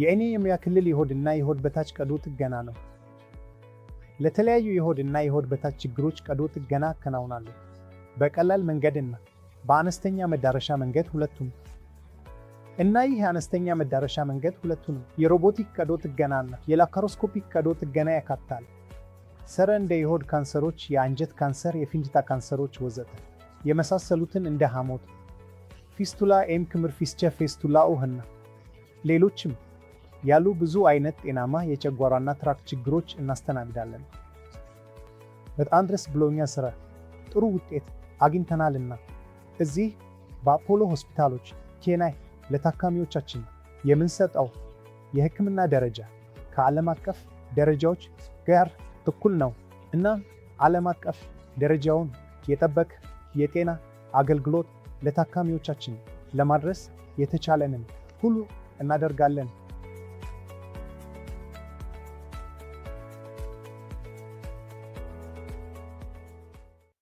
የእኔ የሙያ ክልል እና የሆድ በታች ቀዶ ጥገና ነው። ለተለያዩ የሆድ እና የሆድ በታች ችግሮች ቀዶ ጥገና አከናውናለሁ። በቀላል መንገድና በአነስተኛ መዳረሻ መንገድ ሁለቱም እና ይህ የአነስተኛ መዳረሻ መንገድ ሁለቱንም የሮቦቲክ ቀዶ ጥገናና የላፓሮስኮፒክ ቀዶ ጥገና ያካትታል። ሰረ እንደ የሆድ ካንሰሮች፣ የአንጀት ካንሰር፣ የፊንጅታ ካንሰሮች ወዘተ የመሳሰሉትን እንደ ሐሞት፣ ፊስቱላ፣ ኤም ክምር፣ ፊስቸ፣ ፌስቱላ ውህና ሌሎችም ያሉ ብዙ አይነት ጤናማ የጨጓራና ትራክ ችግሮች እናስተናግዳለን። በጣም ደስ ብሎኛል፣ ስራ ጥሩ ውጤት አግኝተናልና እዚህ በአፖሎ ሆስፒታሎች ኬንያ ለታካሚዎቻችን የምንሰጠው የህክምና ደረጃ ከዓለም አቀፍ ደረጃዎች ጋር እኩል ነው እና ዓለም አቀፍ ደረጃውን የጠበቅ የጤና አገልግሎት ለታካሚዎቻችን ለማድረስ የተቻለንን ሁሉ እናደርጋለን።